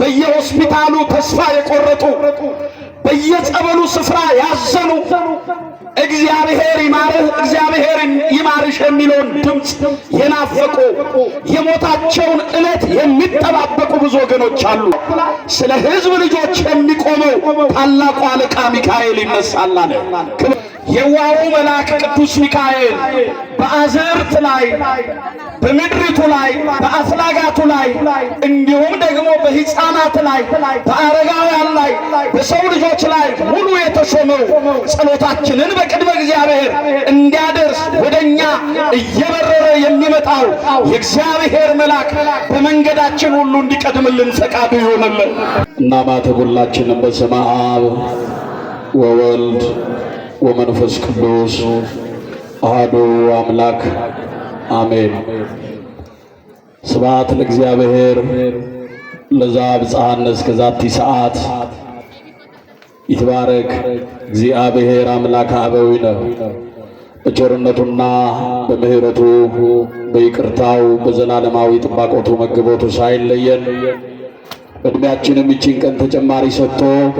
በየሆስፒታሉ ተስፋ የቆረጡ በየጸበሉ ስፍራ ያዘኑ እግዚአብሔር ይማርህ እግዚአብሔር ይማርሽ የሚለውን ድምፅ የናፈቁ የሞታቸውን ዕለት የሚጠባበቁ ብዙ ወገኖች አሉ። ስለ ሕዝብ ልጆች የሚቆመው ታላቁ አለቃ ሚካኤል ይነሳል የዋሁ መልአክ ቅዱስ ሚካኤል በአዘርት ላይ በምድሪቱ ላይ በአስላጋቱ ላይ እንዲሁም ደግሞ በሕፃናት ላይ በአረጋውያን ላይ በሰው ልጆች ላይ ሙሉ የተሾመው ጸሎታችንን በቅድመ እግዚአብሔር እንዲያደርስ ወደ እኛ እየበረረ የሚመጣው የእግዚአብሔር መልአክ በመንገዳችን ሁሉ እንዲቀድምልን ፈቃዱ ይሆንልን እና ማተቡላችንም በስመ አብ ወወልድ ወመንፈስ ቅዱስ አሐዱ አምላክ አሜን። ስብሐት ለእግዚአብሔር ለዘአብጽሐነ እስከዛቲ ሰዓት ይትባረክ እግዚአብሔር አምላከ አበዊነ በቸርነቱና በምሕረቱ በይቅርታው በዘላለማዊ ጥባቆቱ መግቦቱ ሳይለየን በእድሜያችንም ይችን ቀን ተጨማሪ ሰጥቶ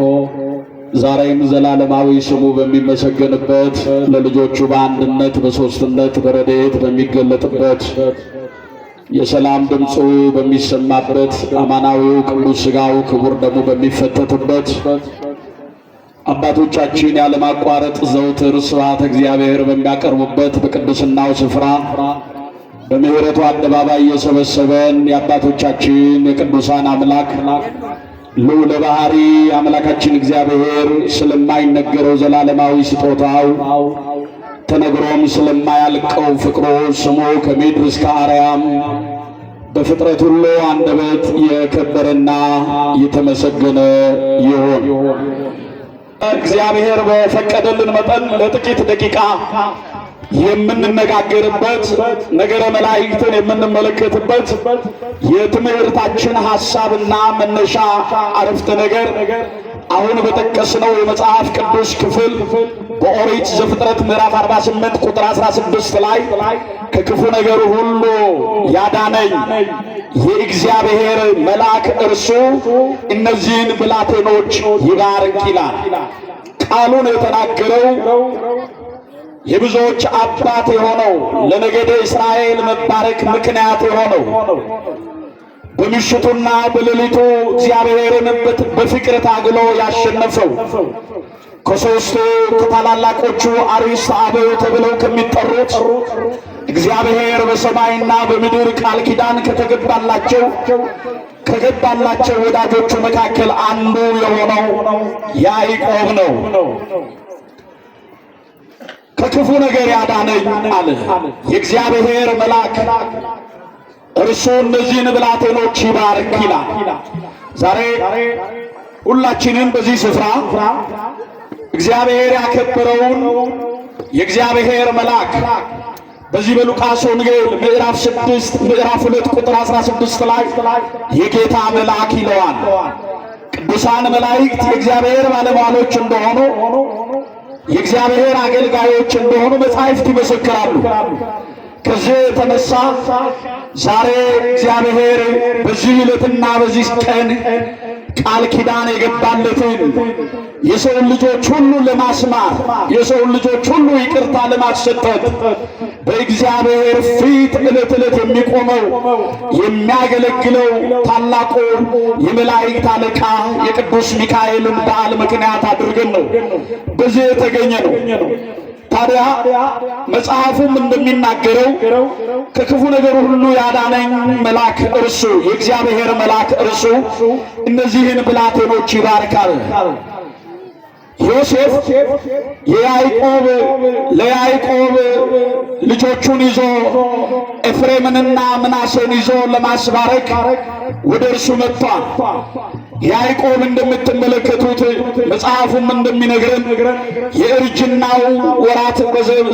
ዛሬም ዘላለማዊ ስሙ በሚመሰገንበት ለልጆቹ በአንድነት በሶስትነት በረድኤት በሚገለጥበት የሰላም ድምፁ በሚሰማበት አማናዊው ቅዱስ ሥጋው ክቡር ደሙ በሚፈተትበት አባቶቻችን ያለማቋረጥ ዘውትር ስብሐተ እግዚአብሔር በሚያቀርቡበት በቅድስናው ስፍራ በምሕረቱ አደባባይ የሰበሰበን የአባቶቻችን የቅዱሳን አምላክ ልዑለ ባሕሪ አምላካችን እግዚአብሔር ስለማይነገረው ዘላለማዊ ስጦታው ተነግሮም ስለማያልቀው ፍቅሮ ስሙ ከምድር እስከ አርያም በፍጥረት ሁሉ አንደበት የከበረና የተመሰገነ ይሁን። እግዚአብሔር በፈቀደልን መጠን ለጥቂት ደቂቃ የምንነጋገርበት ነገረ መላእክትን የምንመለከትበት የትምህርታችን ሐሳብና መነሻ አረፍተ ነገር አሁን በጠቀስነው የመጽሐፍ ቅዱስ ክፍል በኦሪት ዘፍጥረት ምዕራፍ 48 ቁጥር 16 ላይ ከክፉ ነገር ሁሉ ያዳነኝ የእግዚአብሔር መልአክ እርሱ እነዚህን ብላቴኖች ይባርክ ይላል። ቃሉን የተናገረው የብዙዎች አባት የሆነው ለነገደ እስራኤል መባረክ ምክንያት የሆነው በምሽቱና በሌሊቱ እግዚአብሔርን በፍቅር ታግሎ ያሸነፈው ከሦስቱ ከታላላቆቹ አርዕስተ አበው ተብለው ከሚጠሩት እግዚአብሔር በሰማይና በምድር ቃል ኪዳን ከተገባላቸው ከገባላቸው ወዳጆቹ መካከል አንዱ የሆነው ያዕቆብ ነው። ከክፉ ነገር ያዳነኝ አለ። የእግዚአብሔር መልአክ እርሱ እነዚህን ብላቴኖች ይባርክ ይላል። ዛሬ ሁላችንም በዚህ ስፍራ እግዚአብሔር ያከበረውን የእግዚአብሔር መልአክ በዚህ በሉቃስ ወንጌል ምዕራፍ ስድስት ምዕራፍ 2 ቁጥር 16 ላይ የጌታ መልአክ ይለዋል። ቅዱሳን መላእክት የእግዚአብሔር ባለሟሎች እንደሆኑ የእግዚአብሔር አገልጋዮች እንደሆኑ መጻሕፍት ይመሰክራሉ። ከዚህ የተነሳ ዛሬ እግዚአብሔር በዚህ ዕለትና በዚህ ቀን ቃል ኪዳን የገባለትን የሰውን ልጆች ሁሉ ለማስማር የሰውን ልጆች ሁሉ ይቅርታ ለማሰጠት በእግዚአብሔር ፊት ዕለት ዕለት የሚቆመው የሚያገለግለው ታላቁ የመላእክት አለቃ የቅዱስ ሚካኤልን በዓል ምክንያት አድርገን ነው በዚህ የተገኘ ነው። ታዲያ መጽሐፉም እንደሚናገረው ከክፉ ነገር ሁሉ ያዳነኝ መልአክ እርሱ የእግዚአብሔር መልአክ እርሱ እነዚህን ብላቴኖች ይባርካል። ዮሴፍ የያዕቆብ ለያዕቆብ ልጆቹን ይዞ ኤፍሬምንና ምናሴን ይዞ ለማስባረክ ወደ እርሱ መጥቷል። ያዕቆብ እንደምትመለከቱት መጽሐፉም እንደሚነግረን የእርጅናው ወራት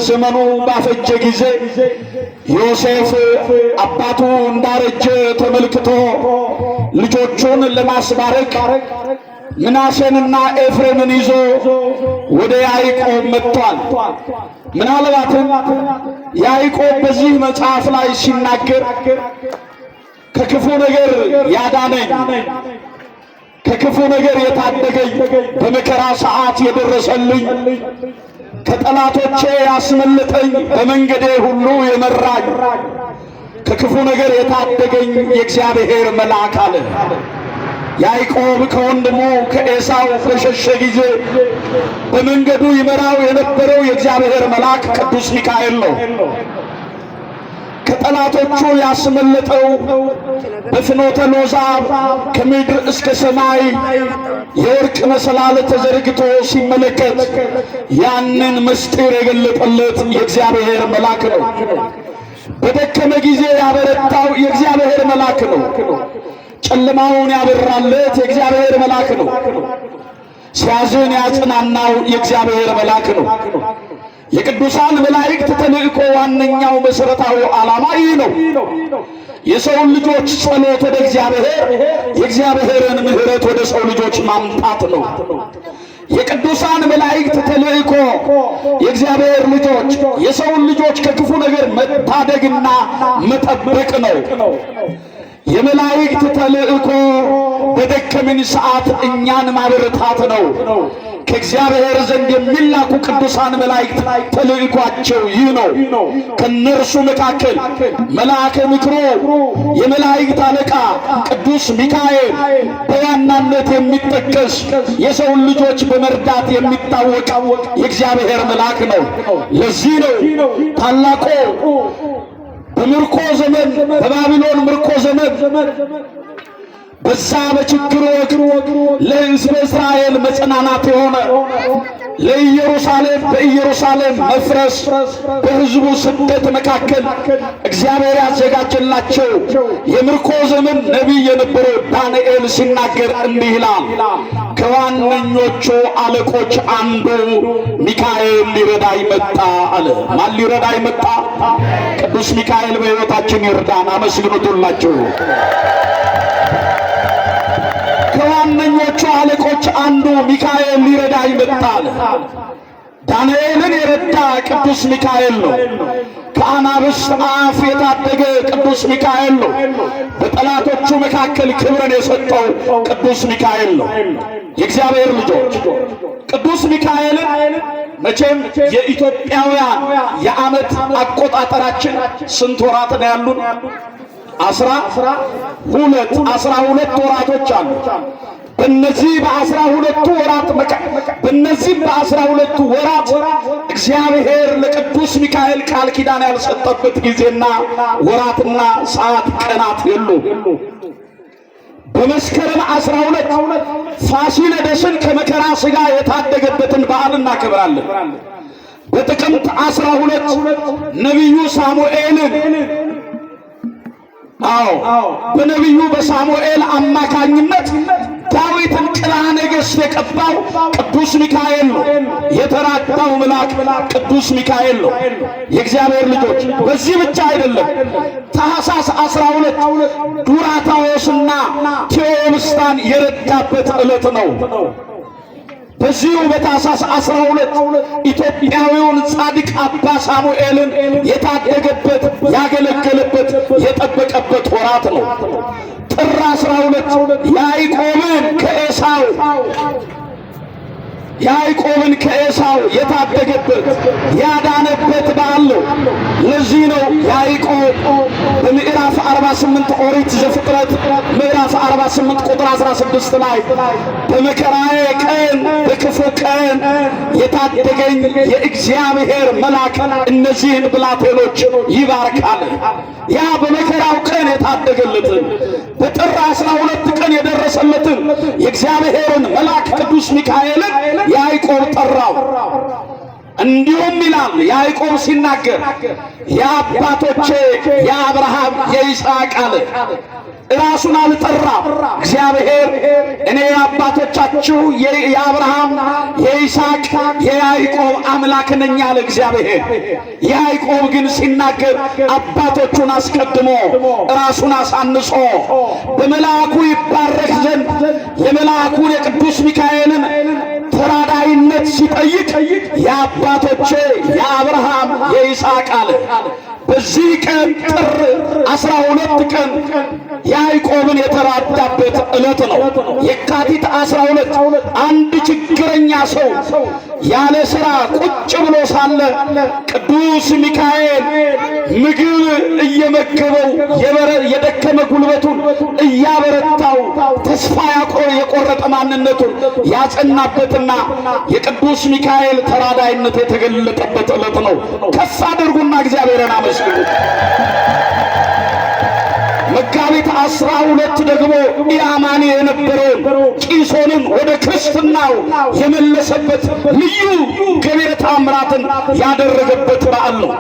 ዘመኑ ባፈጀ ጊዜ ዮሴፍ አባቱ እንዳረጀ ተመልክቶ ልጆቹን ለማስባረክ ምናሴንና ኤፍሬምን ይዞ ወደ ያዕቆብ መጥቷል። ምናልባትም ያዕቆብ በዚህ መጽሐፍ ላይ ሲናገር ከክፉ ነገር ያዳነኝ ከክፉ ነገር የታደገኝ በመከራ ሰዓት የደረሰልኝ ከጠላቶቼ ያስመለጠኝ በመንገዴ ሁሉ የመራኝ ከክፉ ነገር የታደገኝ የእግዚአብሔር መልአክ አለ። ያዕቆብ ከወንድሙ ከኤሳው በሸሸ ጊዜ በመንገዱ ይመራው የነበረው የእግዚአብሔር መልአክ ቅዱስ ሚካኤል ነው። ከጠላቶቹ ያስመለጠው በፍኖተ ሎዛ ከምድር እስከ ሰማይ የወርቅ መሰላል ተዘርግቶ ሲመለከት ያንን ምስጢር የገለጠለት የእግዚአብሔር መልአክ ነው። በደከመ ጊዜ ያበረታው የእግዚአብሔር መልአክ ነው። ጨለማውን ያበራለት የእግዚአብሔር መልአክ ነው። ሲያዝን ያጽናናው የእግዚአብሔር መልአክ ነው። የቅዱሳን መላእክት ተልእኮ ዋነኛው መሠረታዊ ዓላማ ይህ ነው። የሰውን ልጆች ጸሎት ወደ እግዚአብሔር፣ የእግዚአብሔርን ምሕረት ወደ ሰው ልጆች ማምጣት ነው። የቅዱሳን መላእክት ተልእኮ የእግዚአብሔር ልጆች የሰውን ልጆች ከክፉ ነገር መታደግና መጠበቅ ነው። የመላእክት ተልእኮ በደከምን ሰዓት እኛን ማበረታት ነው። ከእግዚአብሔር ዘንድ የሚላኩ ቅዱሳን መላእክት ተልእኳቸው ይህ ነው። ከእነርሱ መካከል መልአከ ምክሮ የመላእክት አለቃ ቅዱስ ሚካኤል በዋናነት የሚጠቀስ የሰውን ልጆች በመርዳት የሚታወቀው የእግዚአብሔር መልአክ ነው። ለዚህ ነው ታላቆ በምርኮ ዘመን በባቢሎን ምርኮ ዘመን በዛ በችግሩ ለሕዝበ እስራኤል መጽናናት የሆነ ለኢየሩሳሌም በኢየሩሳሌም መፍረስ በሕዝቡ ስደት መካከል እግዚአብሔር ያዘጋጀላቸው የምርኮ ዘመን ነቢይ የነበረው ዳንኤል ሲናገር እንዲህ ይላል። ከዋነኞቹ አለቆች አንዱ ሚካኤል ሊረዳይ መጣ አለ። ማን ሊረዳይ መጣ? ቅዱስ ሚካኤል በሕይወታችን ይርዳን። አመስግኑት ከዋነኞቹ አለቆች አንዱ ሚካኤል ሊረዳ ይመጣል። ዳንኤልን የረዳ ቅዱስ ሚካኤል ነው። ከአናብስ አፍ የታደገ ቅዱስ ሚካኤል ነው። በጠላቶቹ መካከል ክብርን የሰጠው ቅዱስ ሚካኤል ነው። የእግዚአብሔር ልጆች ቅዱስ ሚካኤልን መቼም የኢትዮጵያውያን የዓመት አቆጣጠራችን ስንት ወራት ነው ያሉን? አስራ ሁለት አስራ ሁለት ወራቶች አሉ። በነዚህ በአስራ ሁለቱ ወራት በነዚህ በአስራ ሁለቱ ወራት እግዚአብሔር ለቅዱስ ሚካኤል ቃል ኪዳን ያልሰጠበት ጊዜና ወራትና ሰዓት ቀናት የሉ። በመስከረም አስራ ሁለት ፋሲለደስን ከመከራ ሥጋ የታደገበትን በዓል እናከብራለን። በጥቅምት አስራ ሁለት ነቢዩ ሳሙኤልን አዎ በነቢዩ በሳሙኤል አማካኝነት ዳዊትን ቅላ ነገሥት የቀባው ቅዱስ ሚካኤል ነው። የተራዳው መልአክ ቅዱስ ሚካኤል ነው። የእግዚአብሔር ልጆች፣ በዚህ ብቻ አይደለም። ታኅሳስ አስራ ሁለት ዱራታዎስና ቴዎብስታን የረዳበት ዕለት ነው። በዚሁ በታኅሳስ አስራ ሁለት ኢትዮጵያዊውን ጻድቅ አባ ሳሙኤልን የታደገበት ያገለገለበት የጠበቀበት ወራት ነው። ጥር አስራ ሁለት ያዕቆብን ከኤሳው ያዕቆብን ከኤሳው የታደገበት ያዳነበት በዓል ነው። ለዚህ ነው ያዕቆብ በምዕራፍ 48 ኦሪት ዘፍጥረት ምዕራፍ 48 ቁጥር 16 ላይ በመከራዬ ቀን በክፉ ቀን የታደገኝ የእግዚአብሔር መልአክ እነዚህን ብላቴኖች ይባርካል። ያ በመከራው ቀን የታደገለትን በጥር 12 ቀን የደረሰለትን የእግዚአብሔርን መልአክ ቅዱስ ሚካኤልን ያዕቆብ ጠራው። እንዲሁም ይላል ያዕቆብ ሲናገር የአባቶቼ የአብርሃም የይስሐቅ አለ ራሱን አልጠራ። እግዚአብሔር እኔ አባቶቻችሁ የአብርሃም የይስሐቅ የያዕቆብ አምላክ ነኝ አለ እግዚአብሔር። ያዕቆብ ግን ሲናገር አባቶቹን አስቀድሞ ራሱን አሳንሶ በመልአኩ ይባረክ ዘንድ የመልአኩን የቅዱስ ሚካኤልን ተራዳይነት ሲጠይቅ የአባቶቼ የአብርሃም የይስሐቅ አለ በዚህ ቀን ጥር አስራ ሁለት ቀን ያዕቆብን የተራዳበት ዕለት ነው። የካቲት አስራ ሁለት አንድ ችግረኛ ሰው ያለ ሥራ ቁጭ ብሎ ሳለ ቅዱስ ሚካኤል ምግብ እየመገበው የደከመ ጉልበቱን እያበረታው ተስፋ የቆረጠ ማንነቱን ያጸናበትና የቅዱስ ሚካኤል ተራዳይነት የተገለጠበት ዕለት ነው። ከፍ አድርጉና እግዚአብሔርን አመስ አመስግኑት። መጋቢት አስራ ሁለት ደግሞ ኢአማኒ የነበረውን ቂሶንን ወደ ክርስትናው የመለሰበት ልዩ ገቢረ ተአምራትን ያደረገበት በዓል ነው።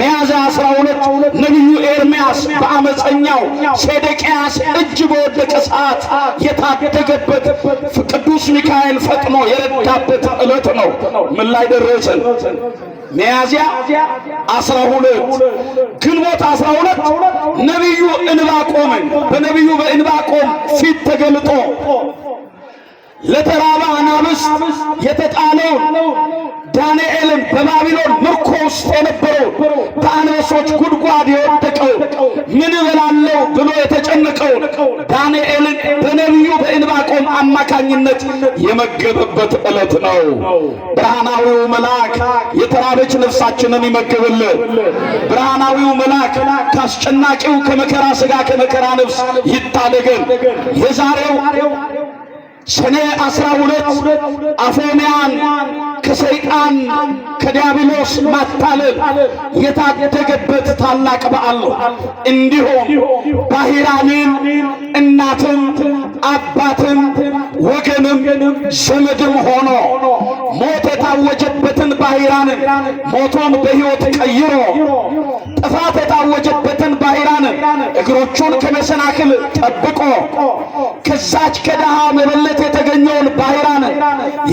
ሚያዝያ አስራ ሁለት ነቢዩ ኤርምያስ በአመፀኛው ሴዴቅያስ እጅ በወደቀ ሰዓት የታደገበት ቅዱስ ሚካኤል ፈጥኖ የረዳበት ዕለት ነው። ምን ላይ ደረሰን? ሚያዝያ 12 ግንቦት 12 ነቢዩ እንባቆምን በነቢዩ በእንባቆም ፊት ተገልጦ ለተራባ አናብስት የተጣለውን ዳንኤልም በባቢሎን ምርኮ ውስጥ የነበረው በአንበሶች ጉድጓድ የወደቀው ምን እበላለሁ ብሎ የተጨነቀው ዳንኤልን በነቢዩ በዕንባቆም አማካኝነት የመገበበት ዕለት ነው። ብርሃናዊው መልአክ የተራበች ነፍሳችንን ይመግብልን። ብርሃናዊው መልአክ ከአስጨናቂው ከመከራ ሥጋ ከመከራ ነፍስ ይታደገን። የዛሬው ሰኔ አስራ ሁለት አፎምያን ከሰይጣን ከዲያብሎስ ማታለል የታደገበት ታላቅ በዓል ነው። እንዲሁም ባህራንን እናትም አባትም ወገንም ዘመድም ሆኖ ሞት የታወጀበትን ባህራንን ሞቱን በሕይወት ቀይሮ ጥፋት የታወጀበት ባይራን እግሮቹን ከመሰናክል ጠብቆ ከዛች ከድሃ መበለት የተገኘውን ባይራን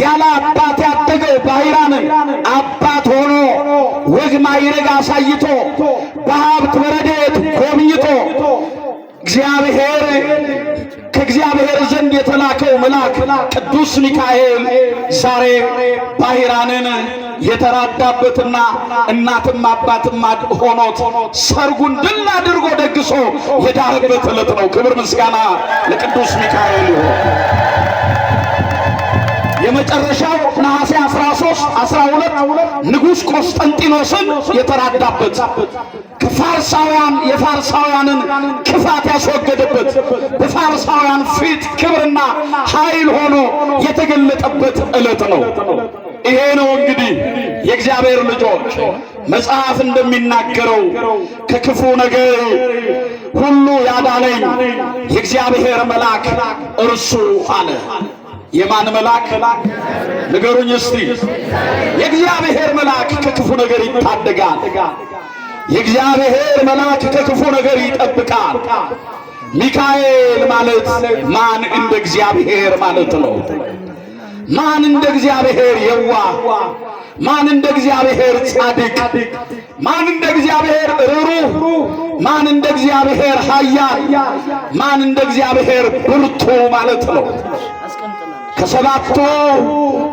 ያለ አባት ያደገው ባይራን አባት ሆኖ ወግ ማዕረግ አሳይቶ በሀብት በረድኤት ጎብኝቶ እግዚአብሔር ከእግዚአብሔር ዘንድ የተላከው መልአክ ቅዱስ ሚካኤል ዛሬ ባሕራንን የተራዳበትና እናትም አባትም ሆኖት ሰርጉን ድል አድርጎ ደግሶ የዳረበት ዕለት ነው። ክብር ምስጋና ለቅዱስ ሚካኤል ይሁን። የመጨረሻው ነሐሴ 13 12 ንጉሥ ቆስጠንጢኖስን የተራዳበት ፋርሳውያን የፋርሳውያንን ክፋት ያስወገደበት በፋርሳውያን ፊት ክብርና ኃይል ሆኖ የተገለጠበት ዕለት ነው። ይሄ ነው እንግዲህ የእግዚአብሔር ልጆች መጽሐፍ እንደሚናገረው ከክፉ ነገር ሁሉ ያዳነኝ የእግዚአብሔር መልአክ እርሱ አለ። የማን መልአክ ንገሩኝ እስቲ? የእግዚአብሔር መልአክ ከክፉ ነገር ይታደጋል። የእግዚአብሔር መልአክ ከክፉ ነገር ይጠብቃል። ሚካኤል ማለት ማን እንደ እግዚአብሔር ማለት ነው። ማን እንደ እግዚአብሔር የዋህ፣ ማን እንደ እግዚአብሔር ጻድቅ፣ ማን እንደ እግዚአብሔር ርሩህ፣ ማን እንደ እግዚአብሔር ኃያል፣ ማን እንደ እግዚአብሔር ብርቱ ማለት ነው። ከሰባቱ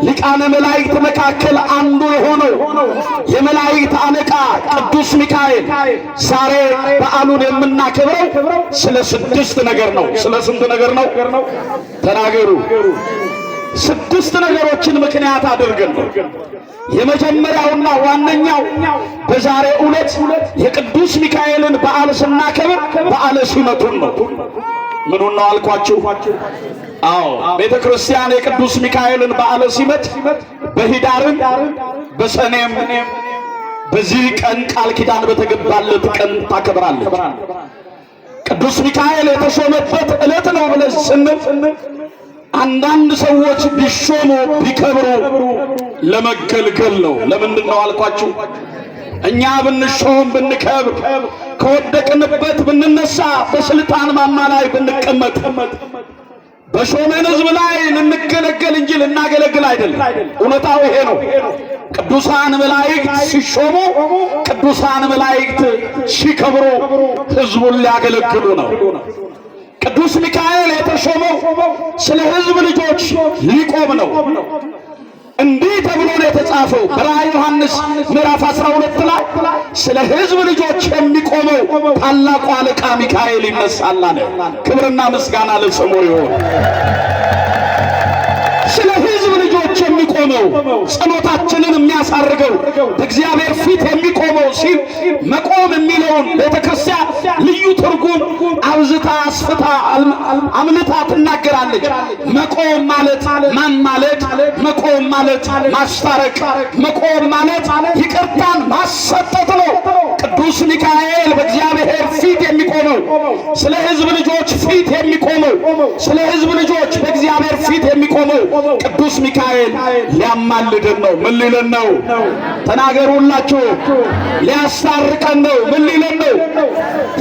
ሊቃነ መላእክት መካከል አንዱ የሆነው የመላእክት አለቃ ቅዱስ ሚካኤል ዛሬ በዓሉን የምናከብረው ስለ ስድስት ነገር ነው። ስለ ስንት ነገር ነው? ተናገሩ። ስድስት ነገሮችን ምክንያት አድርገን የመጀመሪያውና ዋነኛው በዛሬ ዕለት የቅዱስ ሚካኤልን በዓል ስናከብር በዓለ ሲመቱን ነው። ምኑን ነው አልኳችሁ? አዎ ቤተ ክርስቲያን የቅዱስ ሚካኤልን በዓለ ሲመት በሂዳርም በሰኔም በዚህ ቀን ቃል ኪዳን በተገባለት ቀን ታከብራለች። ቅዱስ ሚካኤል የተሾመበት ዕለት ነው ብለን ስንል አንዳንድ ሰዎች ቢሾሙ ቢከብሩ ለመገልገል ነው። ለምንድን ነው አልኳችሁ? እኛ ብንሾም ብንከብር ከወደቅንበት ብንነሳ በስልጣን ማማ ላይ ብንቀመጥ በሾመን ህዝብ ላይ ልንገለገል እንጂ ልናገለግል አይደለም። እውነታው ይሄ ነው። ቅዱሳን መላእክት ሲሾሙ፣ ቅዱሳን መላእክት ሲከብሩ ህዝቡን ሊያገለግሉ ነው። ቅዱስ ሚካኤል የተሾመው ስለ ህዝብ ልጆች ሊቆም ነው። እንዲህ ተብሎ ነው የተጻፈው በራእይ ዮሐንስ ምዕራፍ 12 ላይ ስለ ሕዝብ ልጆች የሚቆመው ታላቁ አለቃ ሚካኤል ይነሳል አለ። ክብርና ምስጋና ለስሙ ይሁን። ስለ ሕዝብ ልጆች የሚቆመው ጸሎታችንን የሚያሳርገው በእግዚአብሔር ፊት የሚቆመው ሲል መቆም የሚለውን ቤተክርስቲያን አምልታ አስፍታ አምልታ ትናገራለች። መቆም ማለት ማማለድ፣ መቆም ማለት ማስታረቅ፣ መቆም ማለት ይቅርታን ማሰጠት ነው። ቅዱስ ሚካኤል በእግዚአብሔር ፊት የሚቆመው ስለ ሕዝብ ልጆች ፊት የሚቆመው ስለ ሕዝብ ልጆች በእግዚአብሔር ፊት የሚቆመው ቅዱስ ሚካኤል ሊያማልድን ነው። ምን ሊለን ነው? ተናገሩላችሁ። ሊያስታርቀን ነው። ምን ሊለን ነው?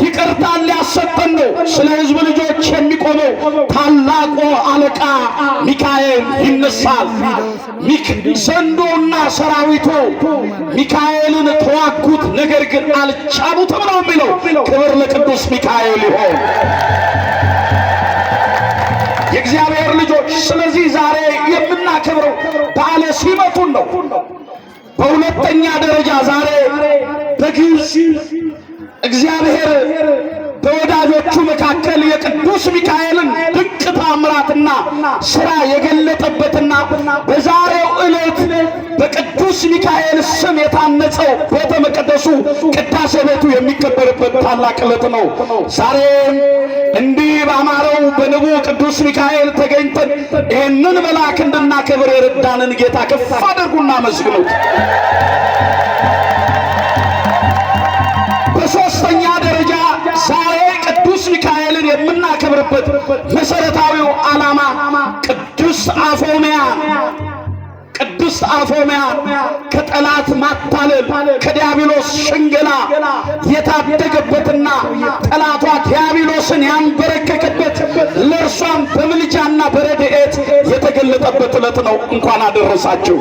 ይቅርታን ሊያሰጠን ነው። ስለ ሕዝቡ ልጆች የሚቆመው ታላቁ አለቃ ሚካኤል ይነሳል። ዘንዶና ሰራዊቱ ሚካኤልን ተዋጉት፣ ነገር ግን አልቻሉትም ነው የሚለው። ክብር ለቅዱስ ሚካኤል ይሆን የእግዚአብሔር ልጆች። ስለዚህ ዛሬ የምናከብረው በዓለ ሲመቱን ነው። በሁለተኛ ደረጃ ዛሬ በግብፅ እግዚአብሔር በወዳጆቹ መካከል የቅዱስ ሚካኤልን ድንቅ ታምራትና ሥራ የገለጠበትና በዛሬው ዕለት በቅዱስ ሚካኤል ስም የታነጸው ቤተ መቅደሱ ቅዳሴ ቤቱ የሚከበርበት ታላቅ ዕለት ነው። ዛሬም እንዲህ ባማረው በንቡ ቅዱስ ሚካኤል ተገኝተን ይህንን መልአክ እንድናከብር የረዳንን ጌታ ከፍ አድርጉና አመስግኑት። ዛሬ ቅዱስ ሚካኤልን የምናከብርበት መሰረታዊው ዓላማ ቅዱስ አፎሚያ ቅዱስ አፎሚያ ከጠላት ማታለል ከዲያብሎስ ሽንገላ የታደገበትና ጠላቷ ዲያብሎስን ያንበረከከበት ለእርሷም በምልጃና በረድኤት የተገለጠበት ዕለት ነው። እንኳን አደረሳችሁ።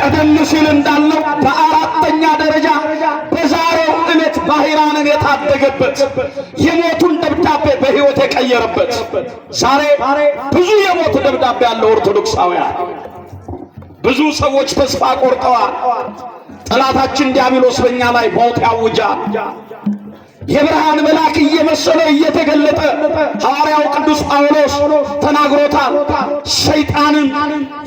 ቀደም ሲል እንዳለው በአራት በከፍተኛ ደረጃ በዛሬው ዕለት ባህራንን የታደገበት የሞቱን ደብዳቤ በሕይወት የቀየረበት ዛሬ ብዙ የሞት ደብዳቤ ያለው ኦርቶዶክሳውያን ብዙ ሰዎች ተስፋ ቆርጠዋል። ጠላታችን ዲያብሎስ በእኛ ላይ ሞት ያውጃል። የብርሃን መልአክ እየመሰለ እየተገለጠ ሐዋርያው ቅዱስ ጳውሎስ ተናግሮታል። ሰይጣንን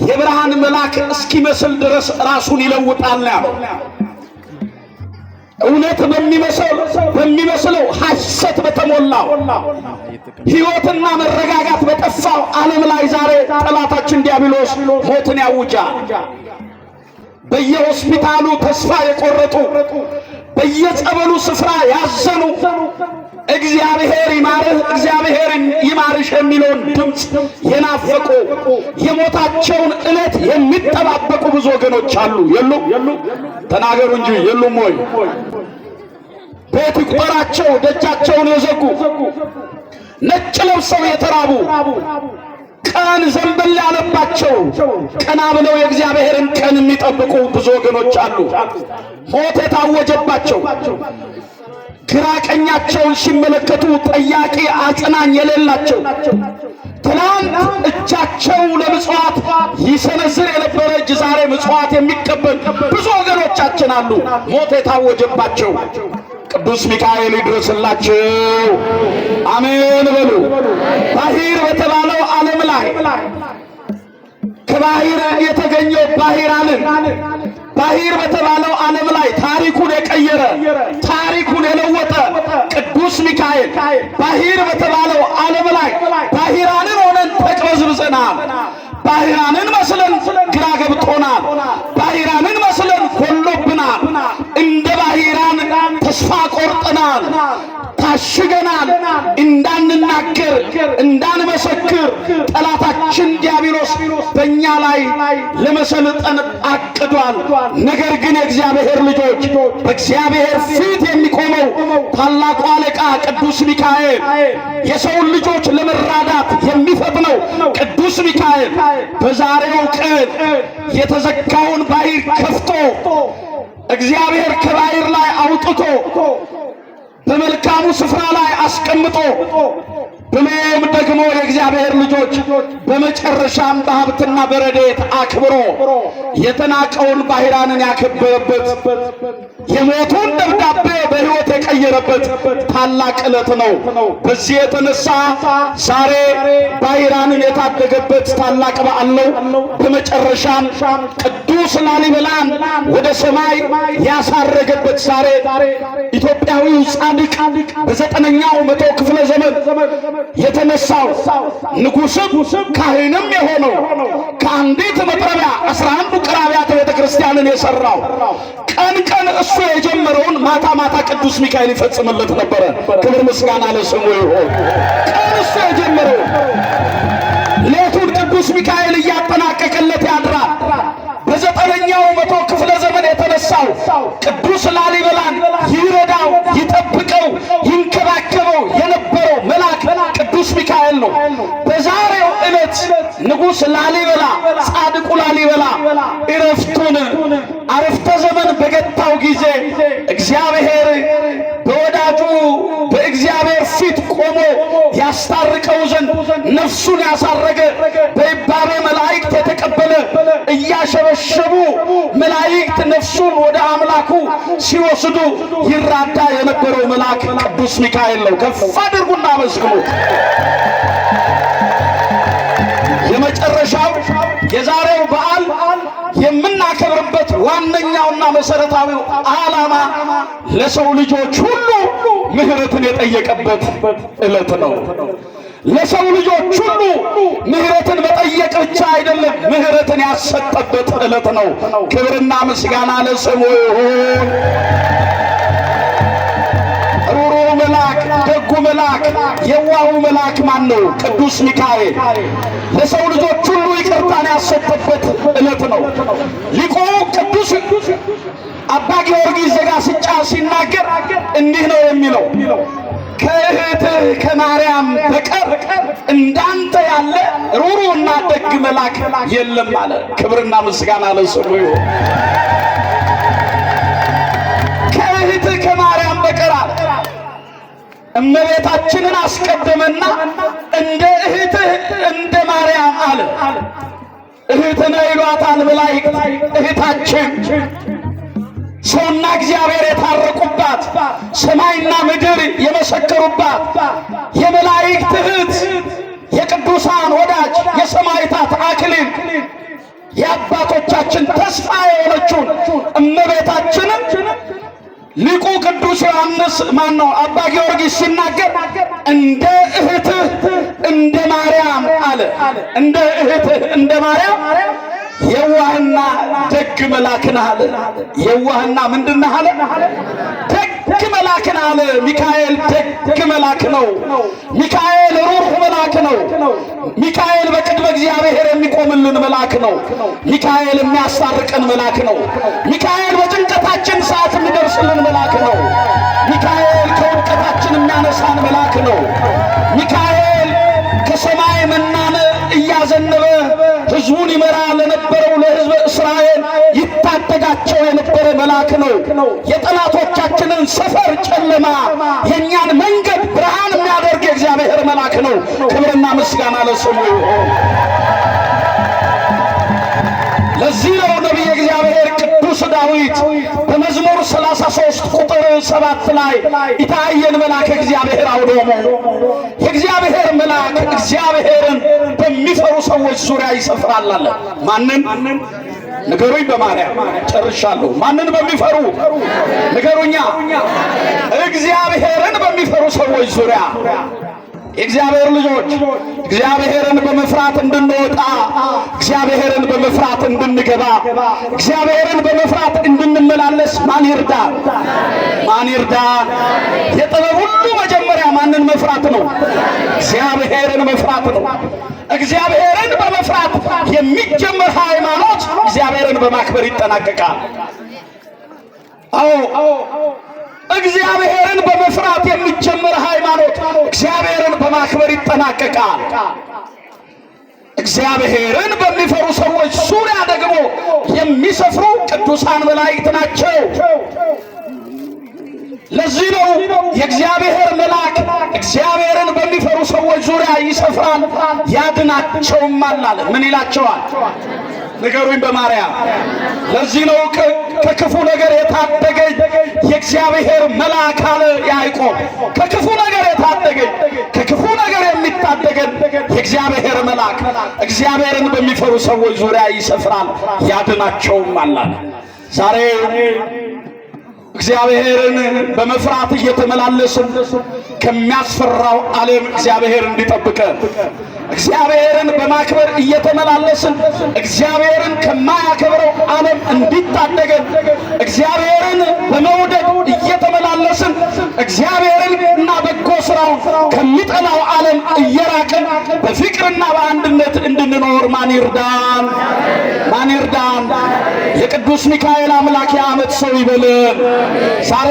የብርሃን መልአክ እስኪመስል ድረስ ራሱን ይለውጣል ያለው እውነት በሚመስለው ሐሰት በተሞላው ሕይወትና መረጋጋት በጠፋው ዓለም ላይ ዛሬ ጠላታችን ዲያብሎስ ሞትን ያውጃል። በየሆስፒታሉ ተስፋ የቆረጡ በየጸበሉ ስፍራ ያዘኑ እግዚአብሔር ይማርህ እግዚአብሔር ይማርሽ የሚለውን ድምፅ የናፈቁ የሞታቸውን ዕለት የሚጠባበቁ ብዙ ወገኖች አሉ። የሉ ተናገሩ እንጂ የሉም ወይ? ቤት ይቁጠራቸው ደጃቸውን የዘጉ ነጭ ለብሰው የተራቡ ቀን ዘንበል ያለባቸው ቀና ብለው የእግዚአብሔርን ቀን የሚጠብቁ ብዙ ወገኖች አሉ። ሞት የታወጀባቸው ግራ ሲመለከቱ ጠያቂ አጽናኝ የሌላቸው ትናንት እጃቸው ለምጽዋት ይሰነዝር የነበረ እጅ ዛሬ ምጽዋት የሚቀበል ብዙ ወገኖቻችን አሉ፣ ሞት የታወጀባቸው። ቅዱስ ሚካኤል ይድረስላቸው፣ አሜን በሉ። ባሂር በተባለው ዓለም ላይ ከባሂር የተገኘው ባሂራንን ባሂር በተባለው ዓለም ላይ ታሪኩን የቀየረ ታሪኩን የለወጠ ቅዱስ ሚካኤል ባሂር በተባለው ዓለም ላይ ባሂራንን ሆነን ተቅበዝብዘናል። ባሂራንን መስለን ግራ ገብቶናል። ባሂራንን መስለን ሁሉ ሆነናል። እንደ ባሕራን ተስፋ ቆርጠናል። ታሽገናል። እንዳንናገር እንዳንመሰክር ጠላታችን ዲያብሎስ በእኛ ላይ ለመሰልጠን አቅዷል። ነገር ግን የእግዚአብሔር ልጆች በእግዚአብሔር ፊት የሚቆመው ታላቁ አለቃ ቅዱስ ሚካኤል የሰውን ልጆች ለመራዳት የሚፈጥነው ቅዱስ ሚካኤል በዛሬው ቀን የተዘጋውን ባሕር ከፍቶ እግዚአብሔር ከባሕር ላይ አውጥቶ በመልካሙ ስፍራ ላይ አስቀምጦ ብሎም ደግሞ የእግዚአብሔር ልጆች በመጨረሻም በሀብትና በረዴት አክብሮ የተናቀውን ባሕራንን ያከበረበት የሞቱን ደብዳቤ በሕይወት የቀየረበት ታላቅ ዕለት ነው። በዚህ የተነሳ ዛሬ ባይራንን የታደገበት ታላቅ በዓል ነው። በመጨረሻም ቅዱስ ላሊበላን ወደ ሰማይ ያሳረገበት ዛሬ ኢትዮጵያዊው ጻድቅ በዘጠነኛው መቶ ክፍለ ዘመን የተነሳው ንጉሥም ካህንም የሆነው ከአንዲት መጥረቢያ አስራ አንዱ ቅራቢያተ ቤተ ክርስቲያንን የሠራው ቀን ቀን እሱ እሱ የጀመረውን ማታ ማታ ቅዱስ ሚካኤል ይፈጽምለት ነበረ። ክብር ምስጋና ለስሙ ይሆን። ቀን እሱ የጀመረውን ሌቱን ቅዱስ ሚካኤል እያጠናቀቀለት ያድራል። በዘጠነኛው መቶ ክፍለ ዘመን የተነሳው ቅዱስ ላሊበላን ይረዳው፣ ይጠብቀው፣ ይንከባከበው ቅዱስ ሚካኤል ነው። በዛሬው ዕለት ንጉሥ ላሊበላ ጻድቁ ላሊበላ እረፍቱን አረፍተ ዘመን በገታው ጊዜ እግዚአብሔር በወዳጁ በእግዚአብሔር ፊት ቆሞ ያስታርቀው ዘንድ ነፍሱን ያሳረገ በይባቤ መላእክት የተቀበለ እያሸበሸቡ መላእክት ከመልአኩ ሲወስዱ ይራዳ የነበረው መልአክ ቅዱስ ሚካኤል ነው። ከፍ አድርጉና አመስግኑት። የመጨረሻው የዛሬው በዓል የምናከብርበት ዋነኛውና መሰረታዊው ዓላማ ለሰው ልጆች ሁሉ ምሕረትን የጠየቀበት ዕለት ነው። ለሰው ልጆች ሁሉ ምህረትን መጠየቅ ብቻ አይደለም፣ ምህረትን ያሰጠበት ዕለት ነው። ክብርና ምስጋና ለስሙ ይሁን። ሩሩ መልአክ፣ ደጉ መልአክ፣ የዋሁ መልአክ ማን ነው? ቅዱስ ሚካኤል ለሰው ልጆች ሁሉ ይቅርታን ያሰጠበት ዕለት ነው። ሊቁ ቅዱስ አባ ጊዮርጊስ ዘጋስጫ ሲናገር እንዲህ ነው የሚለው ከእህትህ ከማርያም በቀር እንዳንተ ያለ እና ደግ መልአክ የለም አለ። ክብርና ምስጋና ለስሙ ይሁን። ከእህትህ ከማርያም በቀር አለ እመቤታችንን አስቀደመና እንደ እህትህ እንደ ማርያም አለ። እህትነ ይሏታል ብላይ እህታችን ሰውና እግዚአብሔር የታረቁባት ሰማይና ምድር የመሰከሩባት የመላእክት እህት የቅዱሳን ወዳጅ የሰማይታት አክሊል የአባቶቻችን ተስፋ የሆነችውን እመቤታችንን ሊቁ ቅዱስ ዮሐንስ ማን ነው አባ ጊዮርጊስ ሲናገር እንደ እህትህ እንደ ማርያም አለ። እንደ እህትህ እንደ ማርያም የዋህና ደግ መላክን አለ። የዋህና ምንድን አለ? ደግ መላክን አለ። ሚካኤል ደግ መላክ ነው። ሚካኤል ሩህ መላክ ነው። ሚካኤል በቅድመ እግዚአብሔር የሚቆምልን መላክ ነው። ሚካኤል የሚያስታርቀን መላክ ነው። ሚካኤል በጭንቀታችን ሰዓት የሚደርስልን መላክ ነው። ሚካኤል ከውድቀታችን የሚያነሳን መላክ ነው። ያዘነበ ህዝቡን ይመራ ለነበረው ለህዝበ እስራኤል ይታደጋቸው የነበረ መልአክ ነው። የጠላቶቻችንን ሰፈር ጨለማ የእኛን መንገድ ብርሃን የሚያደርግ የእግዚአብሔር መልአክ ነው። ክብርና ምስጋና ለስሙ ለዚህ ነው ነቢይ እግዚአብሔር ቅዱስ ዳዊት በመዝሙር 33 ቁጥር ሰባት ላይ ይታየን መልአክ እግዚአብሔር አውዶሞ እግዚአብሔር መልአክ እግዚአብሔርን በሚፈሩ ሰዎች ዙሪያ ይሰፍራል አለ። ማንን ንገሩኝ፣ በማርያም ጨርሻለሁ። ማንን በሚፈሩ ንገሩኛ። እግዚአብሔርን በሚፈሩ ሰዎች ዙሪያ የእግዚአብሔር ልጆች እግዚአብሔርን በመፍራት እንድንወጣ እግዚአብሔርን በመፍራት እንድንገባ እግዚአብሔርን በመፍራት እንድንመላለስ ማን ይርዳ? ማን ይርዳ? የጥበብ ሁሉ መጀመሪያ ማንን መፍራት ነው? እግዚአብሔርን መፍራት ነው። እግዚአብሔርን በመፍራት የሚጀመር ሃይማኖት እግዚአብሔርን በማክበር ይጠናቀቃል። አዎ እግዚአብሔርን በመፍራት የሚጀምር እግዚአብሔርን በማክበር ይጠናቀቃል። እግዚአብሔርን በሚፈሩ ሰዎች ዙሪያ ደግሞ የሚሰፍሩ ቅዱሳን መላእክት ናቸው። ለዚህ ነው የእግዚአብሔር መልአክ እግዚአብሔርን በሚፈሩ ሰዎች ዙሪያ ይሰፍራል ያድናቸውም አላለ። ምን ይላቸዋል? ንገሩኝ በማርያም ለዚህ ነው ከክፉ ነገር የታደገኝ የእግዚአብሔር መልአክ አለ ያዕቆብ። ከክፉ ነገር የታደገኝ ከክፉ ነገር የሚታደገን የእግዚአብሔር መልአክ እግዚአብሔርን በሚፈሩ ሰዎች ዙሪያ ይሰፍራል ያድናቸውም አላለ። ዛሬ እግዚአብሔርን በመፍራት እየተመላለስን ከሚያስፈራው ዓለም እግዚአብሔር እንዲጠብቀን እግዚአብሔርን በማክበር እየተመላለስን እግዚአብሔርን ከማያከብረው ዓለም እንዲታደገን እግዚአብሔርን በመውደድ እየተመላለስን እግዚአብሔርን እና በጎ ስራውን ከሚጠላው ዓለም እየራቅን በፍቅርና በአንድነት እንድንኖር ማን ይርዳን? ማን ይርዳን? የቅዱስ ሚካኤል አምላክ የዓመት ሰው ይበለ ዛሬ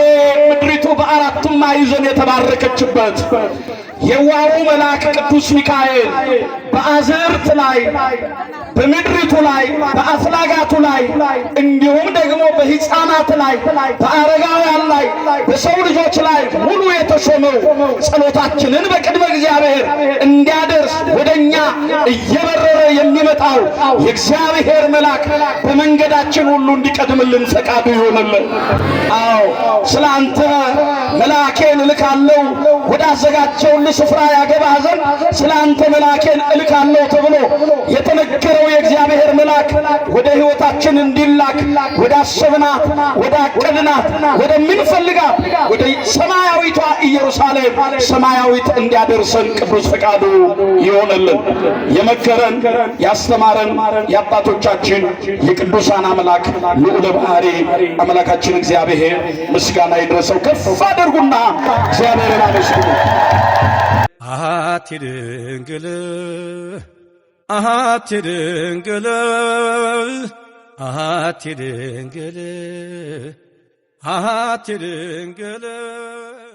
ምድር በአራቱ ማዕዘን የተባረከችበት የዋው መልአክ ቅዱስ ሚካኤል በአዘርት ላይ በምድሪቱ ላይ በአፍላጋቱ ላይ እንዲሁም ደግሞ በሕፃናት ላይ በአረጋውያን ላይ በሰው ልጆች ላይ ሙሉ የተሾመው ጸሎታችንን በቅድመ እግዚአብሔር እንዲያደርስ ወደ እኛ እየበረረ የሚመጣው የእግዚአብሔር መልአክ በመንገዳችን ሁሉ እንዲቀድምልን ፈቃዱ ይሆንልን። አዎ ስለ አንተ መልአኬን እልካለሁ ወደ አዘጋጀሁልህ ስፍራ ያገባህ ዘንድ ስለ አንተ መልአኬን እልካለሁ ተብሎ የተነገረ የነበረው የእግዚአብሔር መልአክ ወደ ሕይወታችን እንዲላክ ወደ አሰብናት፣ ወደ አቀድናት፣ ወደምንፈልጋት ወደ ሰማያዊቷ ኢየሩሳሌም ሰማያዊት እንዲያደርሰን ቅዱስ ፈቃዱ ይሆንልን። የመከረን ያስተማረን የአባቶቻችን የቅዱሳን አምላክ ልዑለ ባሕሪ አምላካችን እግዚአብሔር ምስጋና ይድረሰው። ከፍ አድርጉና እግዚአብሔርን አመስግኑ። አቲ ድንግል አሃቲ ድንግል አሃቲ ድንግል አሃቲ ድንግል